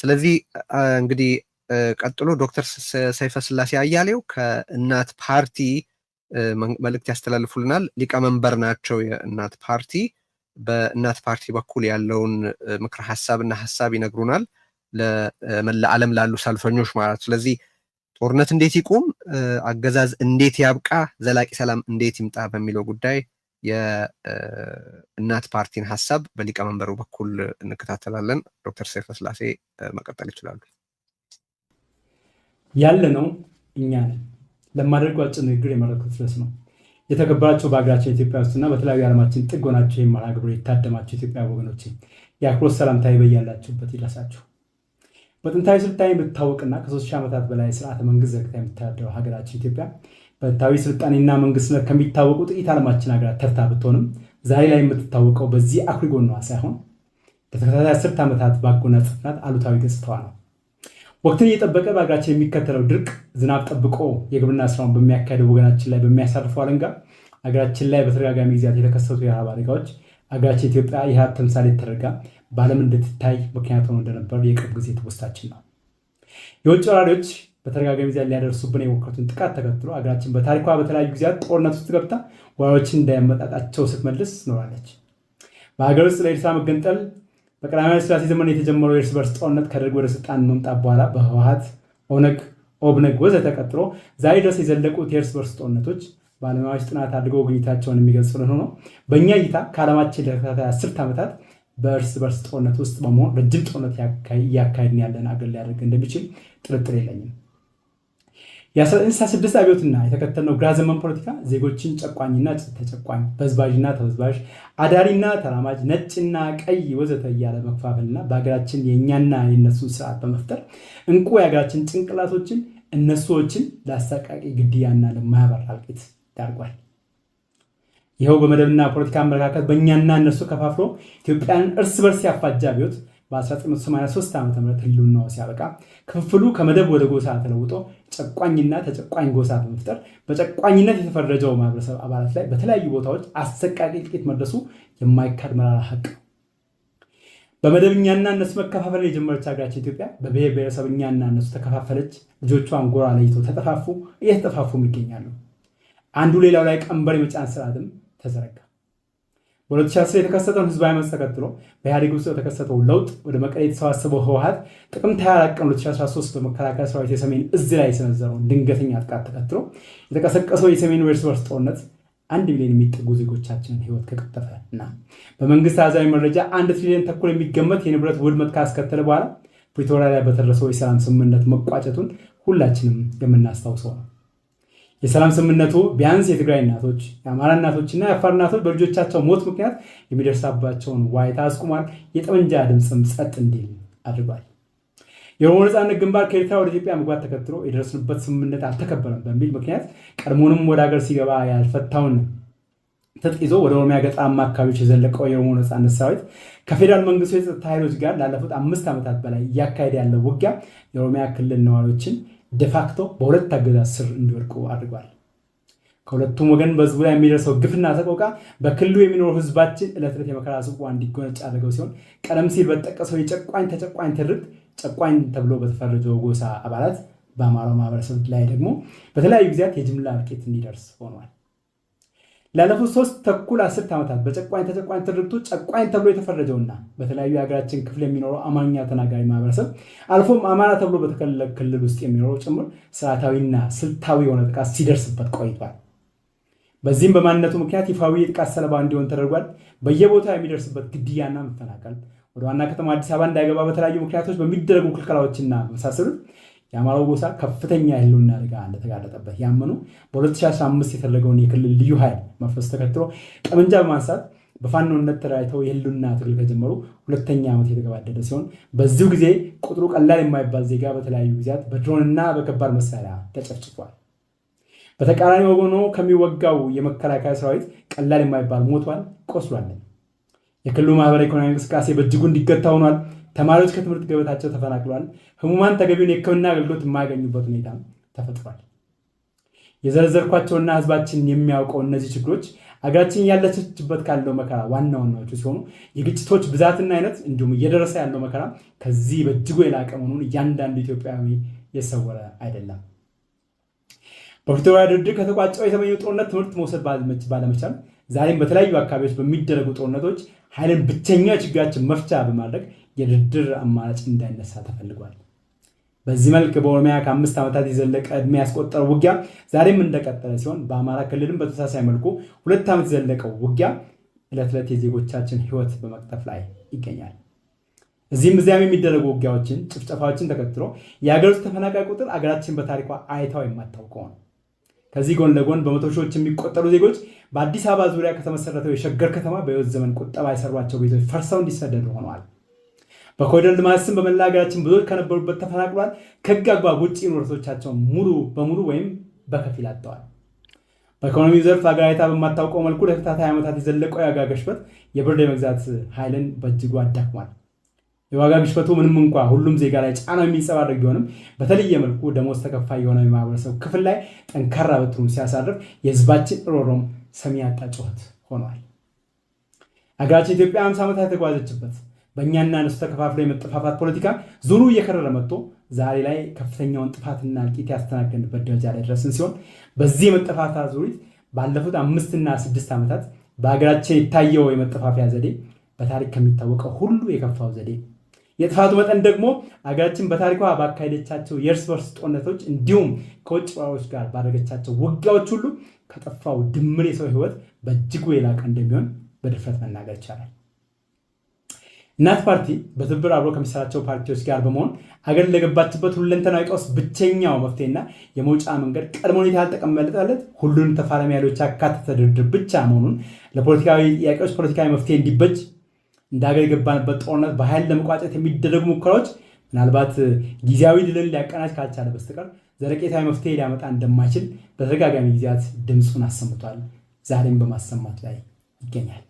ስለዚህ እንግዲህ ቀጥሎ ዶክተር ሰይፈ ስላሴ አያሌው ከእናት ፓርቲ መልእክት ያስተላልፉልናል። ሊቀመንበር ናቸው የእናት ፓርቲ። በእናት ፓርቲ በኩል ያለውን ምክር እና ሀሳብ ይነግሩናል፣ ለመላ ላሉ ሰልፈኞች ማለት። ስለዚህ ጦርነት እንዴት ይቁም፣ አገዛዝ እንዴት ያብቃ፣ ዘላቂ ሰላም እንዴት ይምጣ በሚለው ጉዳይ የእናት ፓርቲን ሀሳብ በሊቀመንበሩ በኩል እንከታተላለን። ዶክተር ሰይፈ ስላሴ መቀጠል ይችላሉ። ያለ ነው እኛ ነን ለማደርገው አጭር ንግግር የመረኩት ድረስ ነው። የተከበራችሁ በሀገራችን ኢትዮጵያ ውስጥና በተለያዩ ዓለማችን ጥግ ሆናችሁ የመርሃ ግብሩ የታደማችሁ ኢትዮጵያ ወገኖች የአክብሮት ሰላምታ በያላችሁበት ይድረሳችሁ። በጥንታዊ ስልጣኔ የምትታወቅና ከሶስት ሺህ ዓመታት በላይ ስርዓተ መንግስት ዘርግታ የምታደረው ሀገራችን ኢትዮጵያ በጥንታዊ ስልጣኔና መንግስት ከሚታወቁ ጥቂት ዓለማችን ሀገራት ተርታ ብትሆንም ዛሬ ላይ የምትታወቀው በዚህ አኩሪ ጎኗ ሳይሆን በተከታታይ አስርት ዓመታት ባጎናጸፍናት አሉታዊ ገጽታዋ ነው። ወቅትን እየጠበቀ በሀገራችን የሚከተለው ድርቅ ዝናብ ጠብቆ የግብርና ስራውን በሚያካሄደው ወገናችን ላይ በሚያሳርፈው አለንጋ ሀገራችን ላይ በተደጋጋሚ ጊዜያት የተከሰቱ የረሃብ አደጋዎች ሀገራችን ኢትዮጵያ የረሃብ ተምሳሌ ተደርጋ በዓለም እንድትታይ ምክንያት ሆኖ እንደነበር የቅርብ ጊዜ ትውስታችን ነው። የውጭ ወራሪዎች በተደጋጋሚ ጊዜ ሊያደርሱብን የሞከሩትን ጥቃት ተከትሎ ሀገራችን በታሪኳ በተለያዩ ጊዜያት ጦርነት ውስጥ ገብታ ዋዮችን እንዳያመጣጣቸው ስትመልስ ኖራለች። በሀገር ውስጥ ለኤርትራ መገንጠል በቀዳማዊ ሥላሴ ዘመን የተጀመረው የእርስ በርስ ጦርነት ከደርግ ወደ ስልጣን መምጣት በኋላ በህወሀት፣ ኦነግ፣ ኦብነግ ወዘተ ቀጥሎ ዛሬ ድረስ የዘለቁት የእርስ በርስ ጦርነቶች ባለሙያዎች ጥናት አድርገው ግኝታቸውን የሚገልጹልን ሆኖ በእኛ እይታ ከዓለማችን ለተከታታይ አስርት ዓመታት በእርስ በርስ ጦርነት ውስጥ በመሆን ረጅም ጦርነት እያካሄድን ያለን አገር ሊያደርግ እንደሚችል ጥርጥር የለኝም። የ1966 አብዮትና የተከተልነው ግራ ዘመን ፖለቲካ ዜጎችን ጨቋኝና ተጨቋኝ፣ በዝባዥና ተበዝባዥ፣ አዳሪና ተራማጅ፣ ነጭና ቀይ ወዘተ እያለ መከፋፈልና በሀገራችን የእኛና የእነሱን ስርዓት በመፍጠር እንቁ የሀገራችን ጭንቅላቶችን እነሱዎችን ለአሰቃቂ ግድያና ለማያበራ እልቂት ዳርጓል። ይኸው በመደብና ፖለቲካ አመለካከት በእኛና እነሱ ከፋፍሎ ኢትዮጵያን እርስ በርስ ያፋጀ አብዮት በ1983 ዓ ም ህልውናው ሲያበቃ ክፍፍሉ ከመደብ ወደ ጎሳ ተለውጦ ጨቋኝና ተጨቋኝ ጎሳ በመፍጠር በጨቋኝነት የተፈረጀው ማህበረሰብ አባላት ላይ በተለያዩ ቦታዎች አሰቃቂ ጥቂት መድረሱ የማይካድ መራራ ሀቅ ነው። በመደብኛና እነሱ መከፋፈል የጀመረች ሀገራችን ኢትዮጵያ በብሔር ብሔረሰብኛና እነሱ ተከፋፈለች። ልጆቿን ጎራ ለይተው ተጠፋፉ፣ እየተጠፋፉም ይገኛሉ። አንዱ ሌላው ላይ ቀንበር የመጫን ስርዓትም ተዘረጋ። በ2010 የተከሰተውን ህዝባዊ አመፅ ተከትሎ በኢህአዴግ ውስጥ የተከሰተው ለውጥ ወደ መቀሌ የተሰባሰበው ህወሀት ጥቅምት 24 ቀን 2013 በመከላከያ ሰራዊት የሰሜን እዝ ላይ የሰነዘረውን ድንገተኛ ጥቃት ተከትሎ የተቀሰቀሰው የሰሜን እርስ በርስ ጦርነት አንድ ሚሊዮን የሚጠጉ ዜጎቻችንን ህይወት ከቀጠፈ እና በመንግስት አዛዊ መረጃ አንድ ትሪሊዮን ተኩል የሚገመት የንብረት ውድመት ካስከተለ በኋላ ፕሪቶሪያ ላይ በተደረሰው የሰላም ስምምነት መቋጨቱን ሁላችንም የምናስታውሰው ነው። የሰላም ስምምነቱ ቢያንስ የትግራይ እናቶች፣ የአማራ እናቶችና የአፋር እናቶች በልጆቻቸው ሞት ምክንያት የሚደርሳባቸውን ዋይታ አስቁሟል። የጠመንጃ ድምፅም ጸጥ እንዲል አድርጓል። የኦሮሞ ነፃነት ግንባር ከኤርትራ ወደ ኢትዮጵያ መግባት ተከትሎ የደረስንበት ስምምነት አልተከበረም በሚል ምክንያት ቀድሞንም ወደ ሀገር ሲገባ ያልፈታውን ትጥቅ ይዞ ወደ ኦሮሚያ ገጠራማ አካባቢዎች የዘለቀው የኦሮሞ ነፃነት ሰራዊት ከፌዴራል መንግስቱ የጸጥታ ኃይሎች ጋር ላለፉት አምስት ዓመታት በላይ እያካሄደ ያለው ውጊያ የኦሮሚያ ክልል ነዋሪዎችን ዴፋክቶ በሁለት አገዛዝ ስር እንዲወድቁ አድርጓል። ከሁለቱም ወገን በህዝቡ ላይ የሚደርሰው ግፍና ሰቆቃ በክልሉ የሚኖረው ህዝባችን ዕለት ዕለት የመከራ ጽዋ እንዲጎነጭ አድርገው ሲሆን ቀደም ሲል በተጠቀሰው የጨቋኝ ተጨቋኝ ትርክት ጨቋኝ ተብሎ በተፈረጀው ጎሳ አባላት በአማራው ማህበረሰብ ላይ ደግሞ በተለያዩ ጊዜያት የጅምላ እልቂት እንዲደርስ ሆኗል። ላለፉት ሶስት ተኩል አስርት ዓመታት በጨቋኝ ተጨቋኝ ትርክቱ ጨቋኝ ተብሎ የተፈረጀውና በተለያዩ የሀገራችን ክፍል የሚኖረው አማርኛ ተናጋሪ ማህበረሰብ አልፎም አማራ ተብሎ በተከለለ ክልል ውስጥ የሚኖረው ጭምር ስርዓታዊና ስልታዊ የሆነ ጥቃት ሲደርስበት ቆይቷል። በዚህም በማንነቱ ምክንያት ይፋዊ የጥቃት ሰለባ እንዲሆን ተደርጓል። በየቦታው የሚደርስበት ግድያና መፈናቀል ወደ ዋና ከተማ አዲስ አበባ እንዳይገባ በተለያዩ ምክንያቶች በሚደረጉ ክልከላዎችና መሳሰሉት የአማራው ጎሳ ከፍተኛ የህልውና አደጋ እንደተጋረጠበት ያመኑ በ2015 የተደረገውን የክልል ልዩ ኃይል መፈስ ተከትሎ ጠመንጃ በማንሳት በፋኖነት ተደራጅተው የህልውና ትግል ከጀመሩ ሁለተኛ ዓመት የተገባደደ ሲሆን በዚሁ ጊዜ ቁጥሩ ቀላል የማይባል ዜጋ በተለያዩ ጊዜያት በድሮንና በከባድ መሳሪያ ተጨፍጭፏል። በተቃራኒ ወገኖ ከሚወጋው የመከላከያ ሰራዊት ቀላል የማይባል ሞቷል፣ ቆስሏል። የክልሉ ማህበራዊ ኢኮኖሚ እንቅስቃሴ በእጅጉ እንዲገታ ሆኗል። ተማሪዎች ከትምህርት ገበታቸው ተፈናቅሏል። ህሙማን ተገቢውን የህክምና አገልግሎት የማያገኙበት ሁኔታ ተፈጥሯል። የዘረዘርኳቸውና ህዝባችን የሚያውቀው እነዚህ ችግሮች አገራችን ያለችበት ካለው መከራ ዋና ዋናዎቹ ሲሆኑ የግጭቶች ብዛትና አይነት እንዲሁም እየደረሰ ያለው መከራ ከዚህ በእጅጉ የላቀ መሆኑን እያንዳንዱ ኢትዮጵያዊ የሰወረ አይደለም። በፕሪቶሪያ ድርድር ከተቋጨው የተመኘው ጦርነት ትምህርት መውሰድ ባለመቻል ዛሬም በተለያዩ አካባቢዎች በሚደረጉ ጦርነቶች ኃይልን ብቸኛ ችግራችን መፍቻ በማድረግ የድርድር አማራጭ እንዳይነሳ ተፈልጓል። በዚህ መልክ በኦሮሚያ ከአምስት ዓመታት የዘለቀ ዕድሜ ያስቆጠረው ውጊያ ዛሬም እንደቀጠለ ሲሆን በአማራ ክልልም በተመሳሳይ መልኩ ሁለት ዓመት የዘለቀው ውጊያ ዕለት ዕለት የዜጎቻችን ህይወት በመቅጠፍ ላይ ይገኛል። እዚህም እዚያም የሚደረጉ ውጊያዎችን፣ ጭፍጨፋዎችን ተከትሎ የሀገር ውስጥ ተፈናቃይ ቁጥር አገራችን በታሪኳ አይታው የማታውቀው ነው። ከዚህ ጎን ለጎን በመቶ ሺዎች የሚቆጠሩ ዜጎች በአዲስ አበባ ዙሪያ ከተመሰረተው የሸገር ከተማ በህይወት ዘመን ቁጠባ የሰሯቸው ቤቶች ፈርሰው እንዲሰደዱ ሆነዋል። በኮሪደር ልማት ስም በመላ ሀገራችን ብዙዎች ከነበሩበት ተፈናቅሏል። ከህግ አግባብ ውጭ ንብረቶቻቸውን ሙሉ በሙሉ ወይም በከፊል አጥተዋል። በኢኮኖሚ ዘርፍ ሀገራዊታ በማታውቀው መልኩ ለተከታታይ ዓመታት የዘለቀው የዋጋ ግሽበት የብርድ የመግዛት ኃይልን በእጅጉ አዳክሟል። የዋጋ ግሽበቱ ምንም እንኳ ሁሉም ዜጋ ላይ ጫናው የሚንጸባረቅ ቢሆንም በተለየ መልኩ ደሞዝ ተከፋይ የሆነ የማህበረሰብ ክፍል ላይ ጠንካራ በትሩን ሲያሳርፍ የህዝባችን ሮሮም ሰሚ ያጣ ጩኸት ሆኗል። ሀገራችን ኢትዮጵያ 50 ዓመታት የተጓዘችበት በእኛና እነሱ ተከፋፍሎ የመጠፋፋት ፖለቲካ ዞኑ እየከረረ መጥቶ ዛሬ ላይ ከፍተኛውን ጥፋትና እልቂት ያስተናገድንበት ደረጃ ላይ ደረስን ሲሆን በዚህ የመጠፋፋት ዙሪት ባለፉት አምስትና ስድስት ዓመታት በሀገራችን የታየው የመጠፋፊያ ዘዴ በታሪክ ከሚታወቀው ሁሉ የከፋው ዘዴ የጥፋቱ መጠን ደግሞ አገራችን በታሪኳ ባካሄደቻቸው የእርስ በርስ ጦርነቶች እንዲሁም ከውጭ ባሮች ጋር ባደረገቻቸው ውጊያዎች ሁሉ ከጠፋው ድምር የሰው ሕይወት በእጅጉ የላቀ እንደሚሆን በድፍረት መናገር ይቻላል። እናት ፓርቲ በትብብር አብሮ ከሚሰራቸው ፓርቲዎች ጋር በመሆን አገር ለገባችበት ሁለንተናዊ ቀውስ ብቸኛው መፍትሄና የመውጫ መንገድ ቀድሞ ሁኔታ ያልተቀመጠለት ሁሉንም ተፋላሚ ኃይሎች ያካተተ ድርድር ብቻ መሆኑን ለፖለቲካዊ ጥያቄዎች ፖለቲካዊ መፍትሄ እንዲበጅ እንደ ሀገር የገባንበት ጦርነት በኃይል ለመቋጨት የሚደረጉ ሙከራዎች ምናልባት ጊዜያዊ ድልን ሊያቀናጅ ካልቻለ በስተቀር ዘለቄታዊ መፍትሄ ሊያመጣ እንደማይችል በተደጋጋሚ ጊዜያት ድምፁን አሰምቷል። ዛሬም በማሰማት ላይ ይገኛል።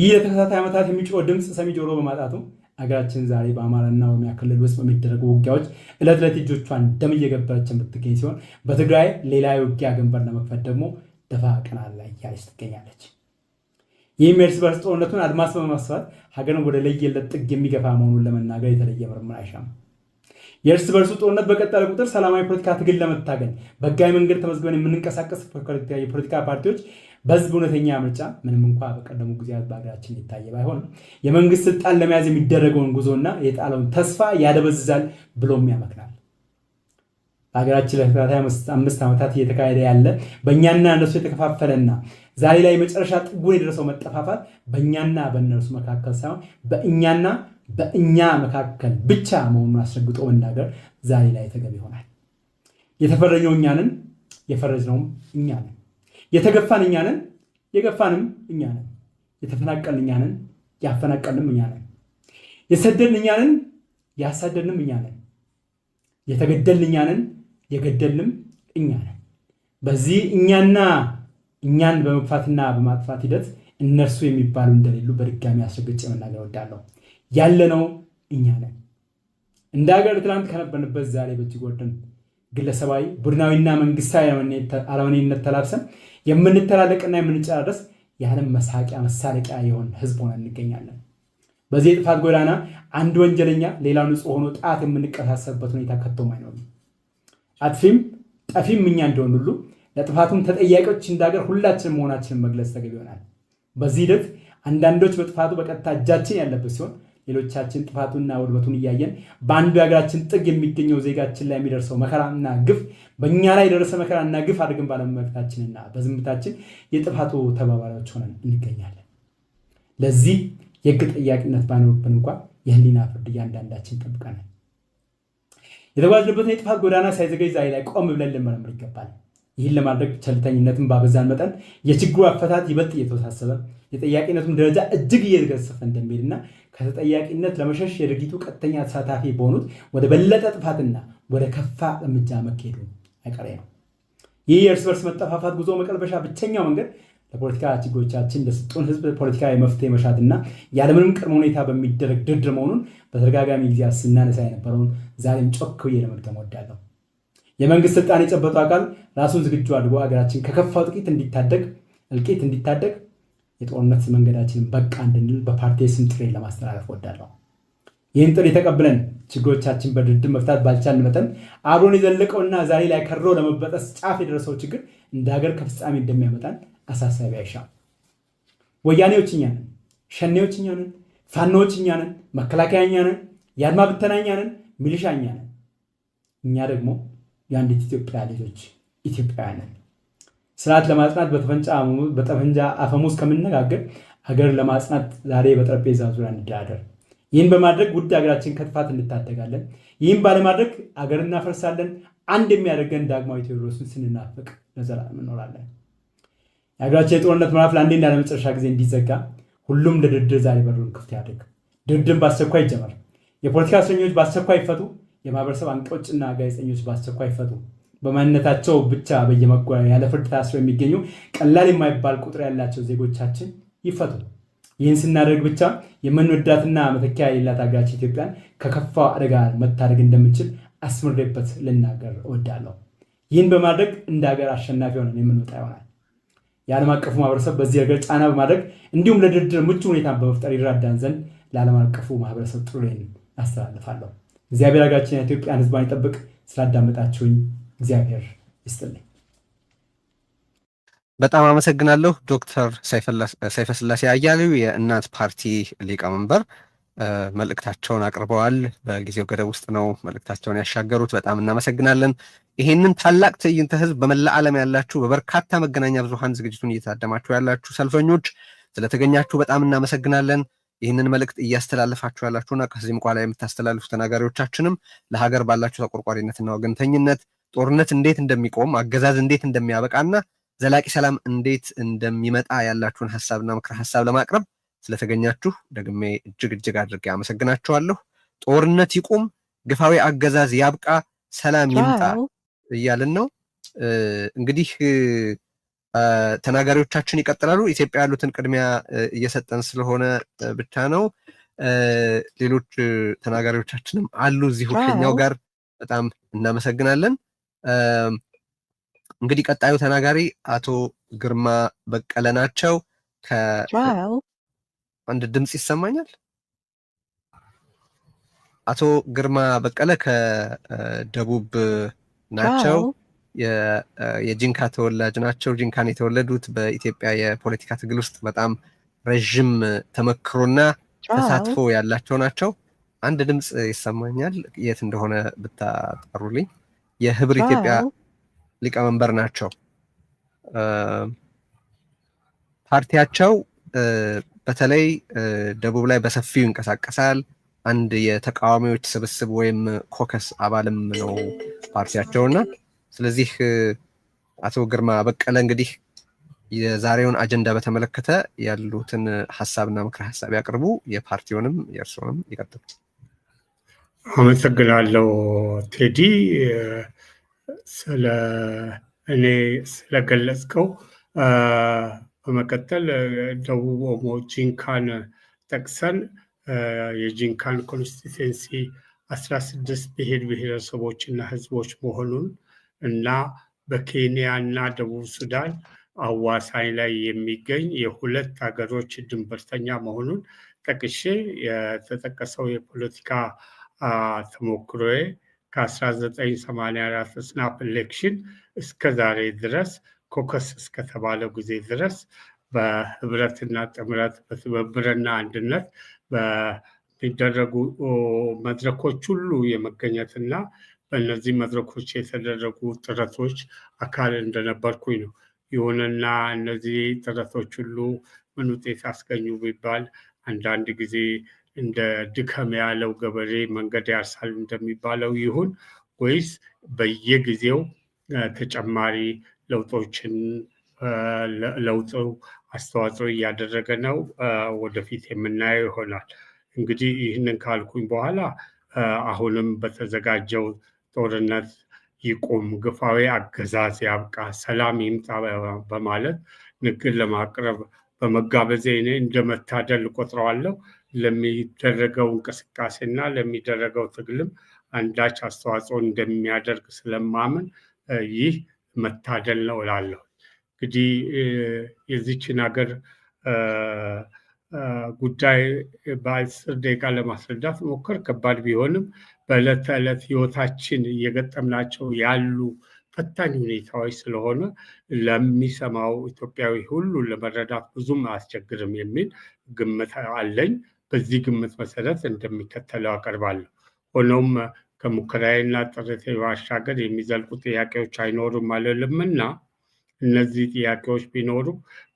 ይህ ለተከታታይ ዓመታት የሚጮህ ድምፅ ሰሚ ጆሮ በማጣቱ አገራችን ዛሬ በአማራና ኦሮሚያ ክልል ውስጥ በሚደረጉ ውጊያዎች እለት ዕለት እጆቿን ደም እየገበረች የምትገኝ ሲሆን በትግራይ ሌላ የውጊያ ግንባር ለመክፈት ደግሞ ደፋ ቀና ላይ እያለች ትገኛለች። ይህም የእርስ በርስ ጦርነቱን አድማስ በማስፋት ሀገርን ወደ ለየለት ጥግ የሚገፋ መሆኑን ለመናገር የተለየ ምርምር አይሻም። የእርስ በርሱ ጦርነት በቀጠለ ቁጥር ሰላማዊ ፖለቲካ ትግል ለመታገል በህጋዊ መንገድ ተመዝግበን የምንንቀሳቀስ የፖለቲካ ፓርቲዎች በህዝብ እውነተኛ ምርጫ ምንም እንኳ በቀደሙ ጊዜያት በሀገራችን የታየ ባይሆንም የመንግስት ስልጣን ለመያዝ የሚደረገውን ጉዞና የጣለውን ተስፋ ያደበዝዛል ብሎም ያመክናል። በሀገራችን ለተከታታይ አምስት ዓመታት እየተካሄደ ያለ በእኛና እነሱ የተከፋፈለና ዛሬ ላይ የመጨረሻ ጥጉን የደረሰው መጠፋፋት በእኛና በእነርሱ መካከል ሳይሆን በእኛና በእኛ መካከል ብቻ መሆኑን አስረግጦ መናገር ዛሬ ላይ ተገቢ ይሆናል። የተፈረኘው እኛንን የፈረዝነውም የፈረጅነውም እኛ ነን። የተገፋን እኛ ነን፣ የገፋንም እኛ ነን። የተፈናቀልን እኛ ነን፣ ያፈናቀልንም እኛ ነን። የሰደድን እኛ ነን፣ ያሳደድንም እኛ ነን። የተገደልን እኛ ነን፣ የገደልንም እኛ ነን። በዚህ እኛና እኛን በመግፋትና በማጥፋት ሂደት እነርሱ የሚባሉ እንደሌሉ በድጋሚ አስረግጬ መናገር እወዳለሁ። ያለነው እኛ ነን። እንደ ሀገር ትናንት ከነበርንበት ዛሬ በእጅጉ ወርደን ግለሰባዊ፣ ቡድናዊና መንግስታዊ አለመኔነት ተላብሰን የምንተላለቅና የምንጨራረስ የዓለም መሳቂያ መሳለቂያ የሆን ህዝብ ሆነ እንገኛለን። በዚህ የጥፋት ጎዳና አንድ ወንጀለኛ ሌላው ንጹህ ሆኖ ጣት የምንቀሳሰብበት ሁኔታ ከቶም አይኖርም። አጥፊም ጠፊም እኛ እንደሆን ሁሉ ለጥፋቱም ተጠያቂዎች እንደ ሀገር ሁላችንም መሆናችንን መግለጽ ተገቢ ይሆናል። በዚህ ሂደት አንዳንዶች በጥፋቱ በቀጥታ እጃችን ያለበት ሲሆን ሌሎቻችን ጥፋቱና ውድመቱን እያየን በአንዱ የሀገራችን ጥግ የሚገኘው ዜጋችን ላይ የሚደርሰው መከራና ግፍ በእኛ ላይ የደረሰ መከራና ግፍ አድርገን ባለመመልከታችንና በዝምታችን የጥፋቱ ተባባሪዎች ሆነን እንገኛለን። ለዚህ የህግ ጠያቂነት ባይኖርብን እንኳን የህሊና ፍርድ እያንዳንዳችን ጠብቀናል። የተጓዝንበትን የጥፋት ጎዳና ሳይዘገይ ዛሬ ላይ ቆም ብለን ልንመረምር ይገባል። ይህን ለማድረግ ቸልተኝነትን ባበዛን መጠን የችግሩ አፈታት ይበልጥ እየተወሳሰበ የጠያቂነቱም ደረጃ እጅግ እየገሰፈ እንደሚሄድና ከተጠያቂነት ለመሸሽ የድርጊቱ ቀጥተኛ ተሳታፊ በሆኑት ወደ በለጠ ጥፋትና ወደ ከፋ እርምጃ መካሄዱ አይቀሬ ነው። ይህ የእርስ በርስ መጠፋፋት ጉዞ መቀልበሻ ብቸኛው መንገድ ለፖለቲካ ችግሮቻችን ለስጡን ሕዝብ ፖለቲካዊ መፍትሄ መሻትና ያለምንም ቅድመ ሁኔታ በሚደረግ ድርድር መሆኑን በተደጋጋሚ ጊዜ ስናነሳ የነበረውን ዛሬም ጮክ ብዬ ለመድገም ወዳለሁ። የመንግስት ስልጣን የጨበጡ አካል ራሱን ዝግጁ አድርጎ ሀገራችን ከከፋው ጥቂት እንዲታደግ እልቂት እንዲታደግ የጦርነት መንገዳችንን በቃ እንድንል በፓርቲ ስም ጥሬን ለማስተላለፍ ወዳለሁ። ይህን ጥሪ ተቀብለን ችግሮቻችን በድርድር መፍታት ባልቻልን መጠን አብሮን የዘለቀውና ዛሬ ላይ ከሮ ለመበጠስ ጫፍ የደረሰው ችግር እንደ ሀገር ከፍጻሜ እንደሚያመጣን አሳሳቢ አይሻም። ወያኔዎች እኛ ነን፣ ሸኔዎች እኛ ነን፣ ፋኖዎች እኛ ነን፣ መከላከያ እኛ ነን፣ የአድማ ብተና እኛ ነን፣ ሚሊሻ እኛ ነን። እኛ ደግሞ የአንዲት ኢትዮጵያ ልጆች ኢትዮጵያውያን ነን። ስርዓት ለማጽናት በጠመንጃ አፈሙዝ ከምነጋገር ሀገር ለማጽናት ዛሬ በጠረጴዛ ዙሪያ እንደራደር። ይህን በማድረግ ውድ ሀገራችን ከጥፋት እንታደጋለን። ይህም ባለማድረግ አገር እናፈርሳለን። አንድ የሚያደርገን ዳግማዊ ቴዎድሮስን ስንናፍቅ ለዘላለም እንኖራለን። የሀገራችን የጦርነት ምዕራፍ ለአንዴና ለመጨረሻ ጊዜ እንዲዘጋ ሁሉም ለድርድር ዛሬ በሩን ክፍት ያድርግ። ድርድር በአስቸኳይ ይጀመር። የፖለቲካ እስረኞች በአስቸኳይ ይፈቱ። የማህበረሰብ አንቂዎችና ጋዜጠኞች በአስቸኳይ ይፈቱ። በማንነታቸው ብቻ በየመጓ ያለ ፍርድ ታስረው የሚገኙ ቀላል የማይባል ቁጥር ያላቸው ዜጎቻችን ይፈቱ። ይህን ስናደርግ ብቻ የምንወዳትና መተኪያ የሌላት ሀገራችን ኢትዮጵያን ከከፋ አደጋ መታደግ እንደምንችል አስምሬበት ልናገር እወዳለሁ። ይህን በማድረግ እንደ ሀገር አሸናፊ ሆነን የምንወጣ ይሆናል። የዓለም አቀፉ ማህበረሰብ በዚህ ነገር ጫና በማድረግ እንዲሁም ለድርድር ምቹ ሁኔታ በመፍጠር ይራዳን ዘንድ ለዓለም አቀፉ ማህበረሰብ ጥሪ አስተላልፋለሁ። እግዚአብሔር ሀገራችን ኢትዮጵያን ሕዝቧን ይጠብቅ። ስላዳመጣችሁኝ እግዚአብሔር ይስጥልኝ። በጣም አመሰግናለሁ ዶክተር ሰይፈስላሴ አያሌው የእናት ፓርቲ ሊቀመንበር መልእክታቸውን አቅርበዋል። በጊዜው ገደብ ውስጥ ነው መልእክታቸውን ያሻገሩት። በጣም እናመሰግናለን። ይህንን ታላቅ ትዕይንተ ህዝብ በመላ ዓለም ያላችሁ በበርካታ መገናኛ ብዙሃን ዝግጅቱን እየታደማችሁ ያላችሁ ሰልፈኞች ስለተገኛችሁ በጣም እናመሰግናለን። ይህንን መልእክት እያስተላለፋችሁ ያላችሁና ከዚህም ኋላ የምታስተላልፉ ተናጋሪዎቻችንም ለሀገር ባላችሁ ተቆርቋሪነትና ወገንተኝነት ጦርነት እንዴት እንደሚቆም አገዛዝ እንዴት እንደሚያበቃና ዘላቂ ሰላም እንዴት እንደሚመጣ ያላችሁን ሀሳብና ምክረ ሀሳብ ለማቅረብ ስለተገኛችሁ ደግሜ እጅግ እጅግ አድርጌ አመሰግናችኋለሁ። ጦርነት ይቁም፣ ግፋዊ አገዛዝ ያብቃ፣ ሰላም ይምጣ እያልን ነው እንግዲህ ተናጋሪዎቻችን ይቀጥላሉ። ኢትዮጵያ ያሉትን ቅድሚያ እየሰጠን ስለሆነ ብቻ ነው። ሌሎች ተናጋሪዎቻችንም አሉ እዚሁ ከኛው ጋር በጣም እናመሰግናለን። እንግዲህ ቀጣዩ ተናጋሪ አቶ ግርማ በቀለ ናቸው። አንድ ድምፅ ይሰማኛል። አቶ ግርማ በቀለ ከደቡብ ናቸው። የጂንካ ተወላጅ ናቸው። ጂንካን የተወለዱት በኢትዮጵያ የፖለቲካ ትግል ውስጥ በጣም ረዥም ተመክሮና ተሳትፎ ያላቸው ናቸው። አንድ ድምፅ ይሰማኛል። የት እንደሆነ ብታጠሩልኝ። የህብር ኢትዮጵያ ሊቀመንበር ናቸው። ፓርቲያቸው በተለይ ደቡብ ላይ በሰፊው ይንቀሳቀሳል። አንድ የተቃዋሚዎች ስብስብ ወይም ኮከስ አባልም ነው ፓርቲያቸው እና ስለዚህ አቶ ግርማ በቀለ እንግዲህ የዛሬውን አጀንዳ በተመለከተ ያሉትን ሀሳብና ምክረ ሀሳብ ያቅርቡ። የፓርቲውንም የእርስዎንም ይቀጥሉ። አመሰግናለሁ ቴዲ ስለ እኔ ስለገለጽከው። በመቀጠል ደቡብ ኦሞ ጂንካን ጠቅሰን የጂንካን ኮንስቲቴንሲ አስራ ስድስት ብሔር ብሔረሰቦች እና ህዝቦች መሆኑን እና በኬንያ እና ደቡብ ሱዳን አዋሳኝ ላይ የሚገኝ የሁለት ሀገሮች ድንበርተኛ መሆኑን ጠቅሼ የተጠቀሰው የፖለቲካ ተሞክሮ ከ1984 ስናፕ ኢሌክሽን እስከ ዛሬ ድረስ ኮከስ እስከተባለው ጊዜ ድረስ በህብረትና ጥምረት በትብብርና አንድነት በሚደረጉ መድረኮች ሁሉ የመገኘትና በእነዚህ መድረኮች የተደረጉ ጥረቶች አካል እንደነበርኩኝ ነው። ይሁንና እነዚህ ጥረቶች ሁሉ ምን ውጤት አስገኙ ቢባል አንዳንድ ጊዜ እንደ ድከም ያለው ገበሬ መንገድ ያርሳል እንደሚባለው ይሁን ወይስ በየጊዜው ተጨማሪ ለውጦችን ለውጡ አስተዋጽኦ እያደረገ ነው ወደፊት የምናየው ይሆናል። እንግዲህ ይህንን ካልኩኝ በኋላ አሁንም በተዘጋጀው ጦርነት ይቁም፣ ግፋዊ አገዛዝ ያብቃ፣ ሰላም ይምጣ በማለት ንግድ ለማቅረብ በመጋበዜ እኔ እንደመታደል እቆጥረዋለሁ። ለሚደረገው እንቅስቃሴና ለሚደረገው ትግልም አንዳች አስተዋጽኦ እንደሚያደርግ ስለማምን ይህ መታደል ነው እላለሁ። እንግዲህ የዚችን ሀገር ጉዳይ በአስር ደቂቃ ለማስረዳት ሞከር ከባድ ቢሆንም በዕለት ተዕለት ህይወታችን እየገጠምናቸው ያሉ ፈታኝ ሁኔታዎች ስለሆነ ለሚሰማው ኢትዮጵያዊ ሁሉ ለመረዳት ብዙም አያስቸግርም የሚል ግምት አለኝ። በዚህ ግምት መሰረት እንደሚከተለው አቀርባለሁ። ሆኖም ከሙከራዬና ጥረት ባሻገር የሚዘልቁ ጥያቄዎች አይኖሩም አልልምና እነዚህ ጥያቄዎች ቢኖሩ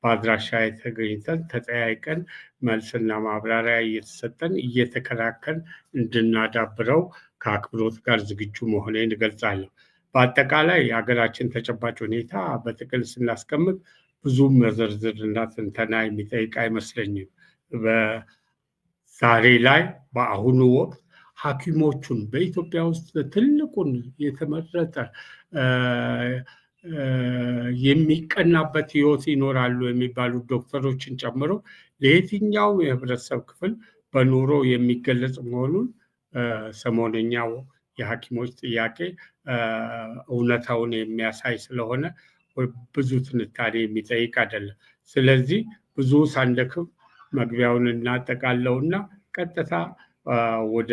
በአድራሻ የተገኝተን ተጠያይቀን መልስና ማብራሪያ እየተሰጠን እየተከራከርን እንድናዳብረው ከአክብሮት ጋር ዝግጁ መሆኔን እገልጻለሁ። በአጠቃላይ የሀገራችን ተጨባጭ ሁኔታ በጥቅል ስናስቀምጥ ብዙም ዝርዝርና ትንተና የሚጠይቅ አይመስለኝም። ዛሬ ላይ በአሁኑ ወቅት ሐኪሞቹን በኢትዮጵያ ውስጥ ትልቁን የተመረጠ የሚቀናበት ህይወት ይኖራሉ የሚባሉ ዶክተሮችን ጨምሮ ለየትኛው የህብረተሰብ ክፍል በኑሮ የሚገለጽ መሆኑን ሰሞነኛው የሐኪሞች ጥያቄ እውነታውን የሚያሳይ ስለሆነ ብዙ ትንታኔ የሚጠይቅ አይደለም። ስለዚህ ብዙ ሳንደክም መግቢያውን እናጠቃለውና ቀጥታ ወደ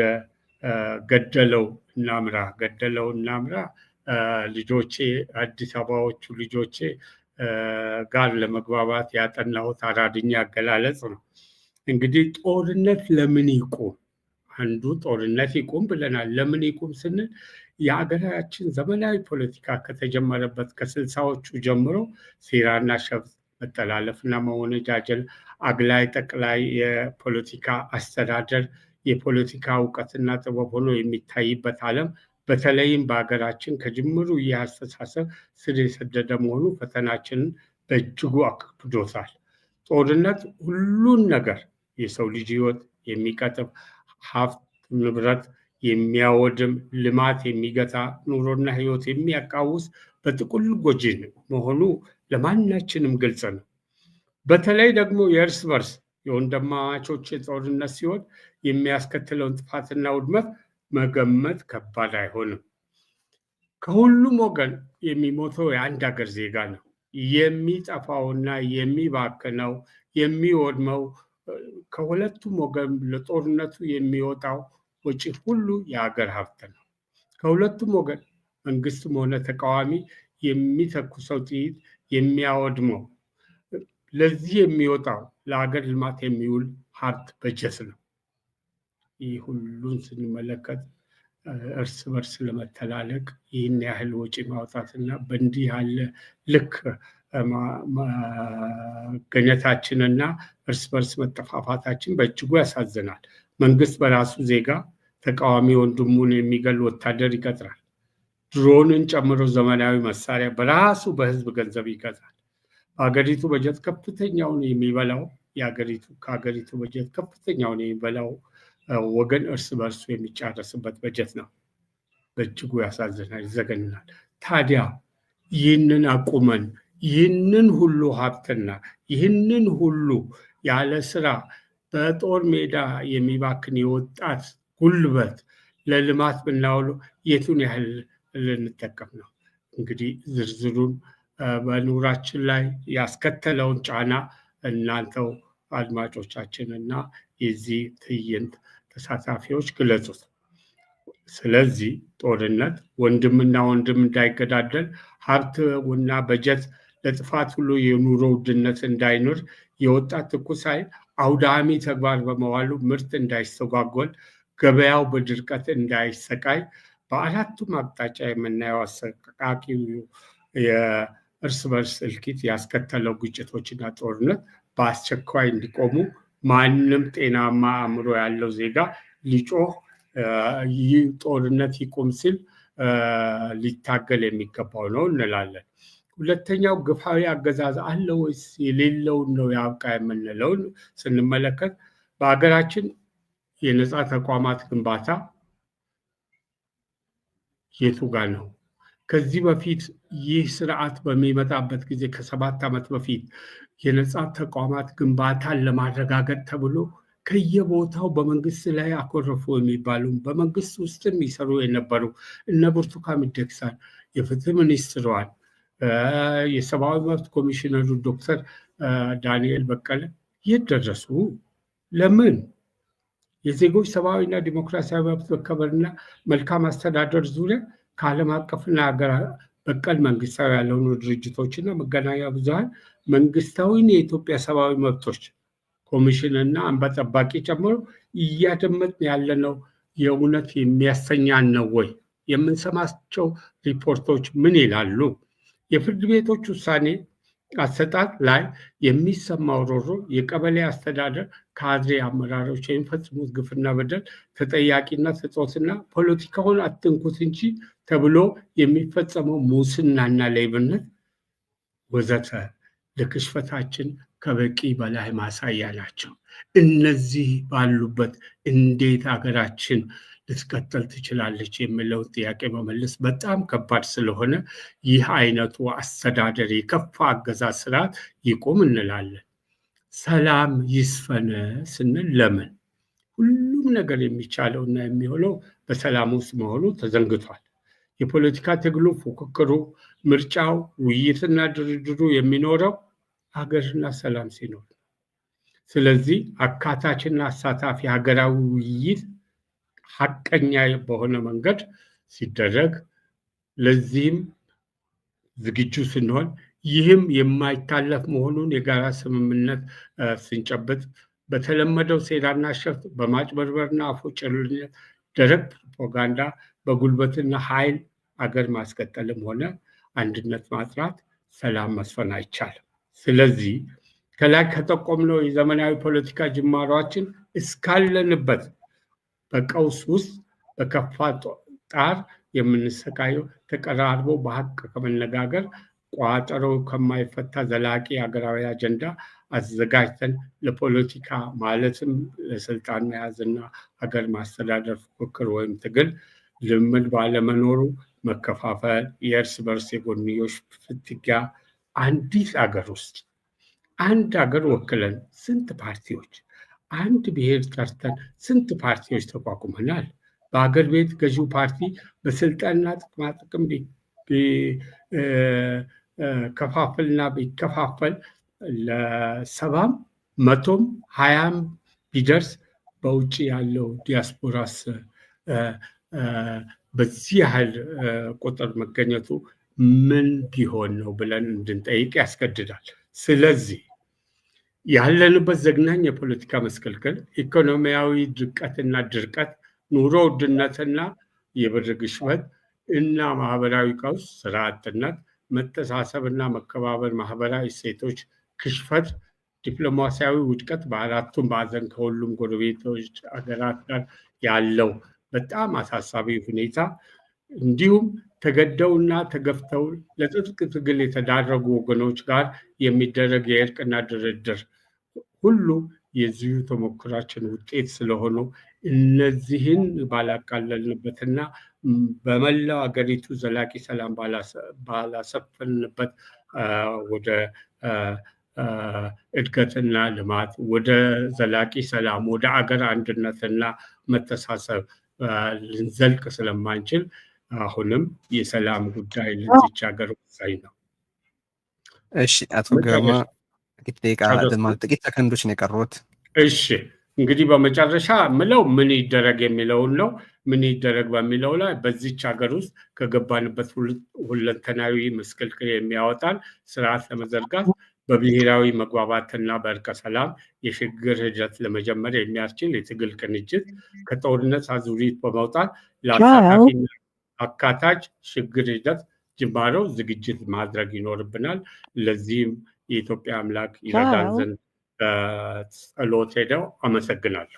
ገደለው እናምራ ገደለው እናምራ ልጆቼ አዲስ አበባዎቹ ልጆቼ ጋር ለመግባባት ያጠናሁት አራድኛ አገላለጽ ነው። እንግዲህ ጦርነት ለምን ይቁም? አንዱ ጦርነት ይቁም ብለናል። ለምን ይቁም ስንል የሀገራችን ዘመናዊ ፖለቲካ ከተጀመረበት ከስልሳዎቹ ጀምሮ ሴራና መጠላለፍና መወነጃጀል፣ አግላይ ጠቅላይ የፖለቲካ አስተዳደር የፖለቲካ እውቀትና ጥበብ ሆኖ የሚታይበት ዓለም በተለይም በሀገራችን ከጅምሩ እያስተሳሰብ ስር የሰደደ መሆኑ ፈተናችንን በእጅጉ አክብዶታል። ጦርነት ሁሉን ነገር የሰው ልጅ ህይወት የሚቀጥፍ ሀብት ንብረት የሚያወድም ልማት የሚገታ ኑሮና ህይወት የሚያቃውስ በጥቅሉ ጎጂን መሆኑ ለማናችንም ግልጽ ነው። በተለይ ደግሞ የእርስ በርስ የወንድማማቾች ጦርነት ሲሆን የሚያስከትለውን ጥፋትና ውድመት መገመት ከባድ አይሆንም። ከሁሉም ወገን የሚሞተው የአንድ ሀገር ዜጋ ነው። የሚጠፋውና የሚባክነው የሚወድመው ከሁለቱም ወገን ለጦርነቱ የሚወጣው ወጪ ሁሉ የሀገር ሀብት ነው። ከሁለቱም ወገን መንግስትም ሆነ ተቃዋሚ የሚተኩሰው ጥይት የሚያወድመው ለዚህ የሚወጣው ለሀገር ልማት የሚውል ሀብት በጀት ነው። ይህ ሁሉን ስንመለከት እርስ በርስ ለመተላለቅ ይህን ያህል ወጪ ማውጣትና በእንዲህ ያለ ልክ መገኘታችንና እርስ በርስ መጠፋፋታችን በእጅጉ ያሳዝናል። መንግስት በራሱ ዜጋ ተቃዋሚ ወንድሙን የሚገል ወታደር ይቀጥራል። ድሮንን ጨምሮ ዘመናዊ መሳሪያ በራሱ በህዝብ ገንዘብ ይገዛል። በሀገሪቱ በጀት ከፍተኛውን የሚበላው የሀገሪቱ ከሀገሪቱ በጀት ከፍተኛውን የሚበላው ወገን እርስ በእርሱ የሚጫረስበት በጀት ነው። በእጅጉ ያሳዝናል፣ ይዘገንናል። ታዲያ ይህንን አቁመን ይህንን ሁሉ ሀብትና ይህንን ሁሉ ያለ ስራ በጦር ሜዳ የሚባክን የወጣት ጉልበት ለልማት ብናውሉ የቱን ያህል ልንጠቀም ነው። እንግዲህ ዝርዝሩን በኑራችን ላይ ያስከተለውን ጫና እናንተው አድማጮቻችን እና የዚህ ትዕይንት ተሳታፊዎች ግለጹት። ስለዚህ ጦርነት ወንድምና ወንድም እንዳይገዳደል፣ ሀብትና በጀት ለጥፋት ሁሉ፣ የኑሮ ውድነት እንዳይኖር፣ የወጣት ትኩስ ኃይል አውዳሚ ተግባር በመዋሉ ምርት እንዳይስተጓጎል፣ ገበያው በድርቀት እንዳይሰቃይ በአራቱም አቅጣጫ የምናየው አሰቃቂ የእርስ በርስ እልኪት ያስከተለው ግጭቶችና ጦርነት በአስቸኳይ እንዲቆሙ ማንም ጤናማ አእምሮ ያለው ዜጋ ሊጮህ ይህ ጦርነት ይቁም ሲል ሊታገል የሚገባው ነው እንላለን። ሁለተኛው ግፋዊ አገዛዝ አለ ወይስ የሌለውን ነው ያብቃ የምንለውን ስንመለከት በሀገራችን የነፃ ተቋማት ግንባታ የቱ ጋር ነው? ከዚህ በፊት ይህ ስርዓት በሚመጣበት ጊዜ ከሰባት ዓመት በፊት የነፃ ተቋማት ግንባታን ለማረጋገጥ ተብሎ ከየቦታው በመንግስት ላይ አኮረፉ የሚባሉ በመንግስት ውስጥ የሚሰሩ የነበሩ እነ ብርቱካን ሚደቅሳን የፍትህ ሚኒስትሯን የሰብአዊ መብት ኮሚሽነሩ ዶክተር ዳንኤል በቀለ የት ደረሱ? ለምን የዜጎች ሰብአዊና ዲሞክራሲያዊ መብት መከበርና መልካም አስተዳደር ዙሪያ ከዓለም አቀፍና ሀገር በቀል መንግስታዊ ያልሆኑ ድርጅቶችና መገናኛ ብዙሀን መንግስታዊን የኢትዮጵያ ሰብአዊ መብቶች ኮሚሽንና አንባ ጠባቂ ጨምሮ እያደመጥን ያለነው የእውነት የሚያሰኛን ነው ወይ? የምንሰማቸው ሪፖርቶች ምን ይላሉ? የፍርድ ቤቶች ውሳኔ አሰጣጥ ላይ የሚሰማው ሮሮ የቀበሌ አስተዳደር ካድሬ አመራሮች የሚፈጽሙት ግፍና በደል ተጠያቂና እጦትና ፖለቲካውን አትንኩት እንጂ ተብሎ የሚፈጸመው ሙስናና ሌብነት ወዘተ ለክሽፈታችን ከበቂ በላይ ማሳያ ናቸው። እነዚህ ባሉበት እንዴት አገራችን ልትቀጥል ትችላለች የሚለውን ጥያቄ መመለስ በጣም ከባድ ስለሆነ ይህ አይነቱ አስተዳደር የከፋ አገዛዝ ስርዓት ይቁም እንላለን። ሰላም ይስፈነ ስንል ለምን ሁሉም ነገር የሚቻለውና የሚሆነው በሰላም ውስጥ መሆኑ ተዘንግቷል። የፖለቲካ ትግሉ፣ ፉክክሩ፣ ምርጫው፣ ውይይትና ድርድሩ የሚኖረው ሀገርና ሰላም ሲኖር። ስለዚህ አካታችና አሳታፊ ሀገራዊ ውይይት ሀቀኛ በሆነ መንገድ ሲደረግ ለዚህም ዝግጁ ስንሆን ይህም የማይታለፍ መሆኑን የጋራ ስምምነት ስንጨብጥ በተለመደው ሴራና ሸፍት በማጭበርበርና አፎጭርነት ደረቅ ፕሮፓጋንዳ በጉልበትና ኃይል አገር ማስቀጠልም ሆነ አንድነት ማጥራት ሰላም መስፈን አይቻልም። ስለዚህ ከላይ ከጠቆምነው የዘመናዊ ፖለቲካ ጅማሯችን እስካለንበት በቀውስ ውስጥ በከፋ ጣር የምንሰቃየው ተቀራርቦ በሀቅ ከመነጋገር ቋጠሮ ከማይፈታ ዘላቂ ሀገራዊ አጀንዳ አዘጋጅተን ለፖለቲካ ማለትም ለስልጣን መያዝና ሀገር ማስተዳደር ፉክክር ወይም ትግል ልምድ ባለመኖሩ መከፋፈል፣ የእርስ በርስ የጎንዮሽ ፍትጊያ አንዲት ሀገር ውስጥ አንድ ሀገር ወክለን ስንት ፓርቲዎች አንድ ብሔር ጠርተን ስንት ፓርቲዎች ተቋቁመናል። በአገር ቤት ገዢው ፓርቲ በስልጣንና ጥቅማጥቅም ከፋፈልና ቢከፋፈል ለሰባም መቶም ሀያም ቢደርስ በውጭ ያለው ዲያስፖራስ በዚህ ያህል ቁጥር መገኘቱ ምን ቢሆን ነው ብለን እንድንጠይቅ ያስገድዳል። ስለዚህ ያለንበት ዘግናኝ የፖለቲካ መስቀልቅል፣ ኢኮኖሚያዊ ድቀትና ድርቀት፣ ኑሮ ውድነትና የብር ግሽበት እና ማህበራዊ ቀውስ፣ ስራ አጥነት፣ መተሳሰብና መከባበር፣ ማህበራዊ እሴቶች ክሽፈት፣ ዲፕሎማሲያዊ ውድቀት በአራቱም ማዕዘን ከሁሉም ጎረቤቶች አገራት ጋር ያለው በጣም አሳሳቢ ሁኔታ እንዲሁም ተገደውና ተገፍተው ለትጥቅ ትግል የተዳረጉ ወገኖች ጋር የሚደረግ የእርቅና ድርድር ሁሉ የዚሁ ተሞክራችን ውጤት ስለሆኑ እነዚህን ባላቃለልንበትና በመላው አገሪቱ ዘላቂ ሰላም ባላሰፈንበት ወደ እድገትና ልማት ወደ ዘላቂ ሰላም ወደ አገር አንድነትና መተሳሰብ ልንዘልቅ ስለማንችል አሁንም የሰላም ጉዳይ ለዚች ሀገር ወሳኝ ነው። እሺ አቶ ግርማ ጥቂት ሰከንዶች ነው የቀሩት። እሺ እንግዲህ በመጨረሻ ምለው ምን ይደረግ የሚለውን ነው። ምን ይደረግ በሚለው ላይ በዚች ሀገር ውስጥ ከገባንበት ሁለንተናዊ ምስቅልቅል የሚያወጣን ስርዓት ለመዘርጋት በብሔራዊ መግባባትና በእርቀ ሰላም የሽግግር ሂደት ለመጀመር የሚያስችል የትግል ቅንጅት ከጦርነት አዙሪት በመውጣት ለአሳታፊ አካታች ሽግግር ሂደት ጅማሬው ዝግጅት ማድረግ ይኖርብናል። ለዚህም የኢትዮጵያ አምላክ ይረዳን ዘንድ በጸሎት ሄደው አመሰግናለሁ።